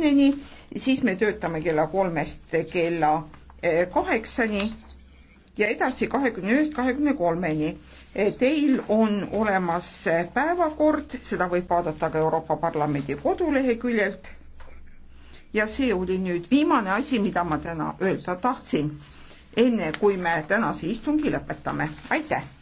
kümneni, siis me töötame kella kolmest kella eh, kaheksani ja edasi kahekümne ühest kahekümne kolmeni. Eh, teil on olemas eh, päevakord, seda võib vaadata ka Euroopa Parlamendi koduleheküljelt. ja see oli nüüd viimane asi, mida ma täna öelda tahtsin, enne kui me tänase istungi lõpetame. aitäh!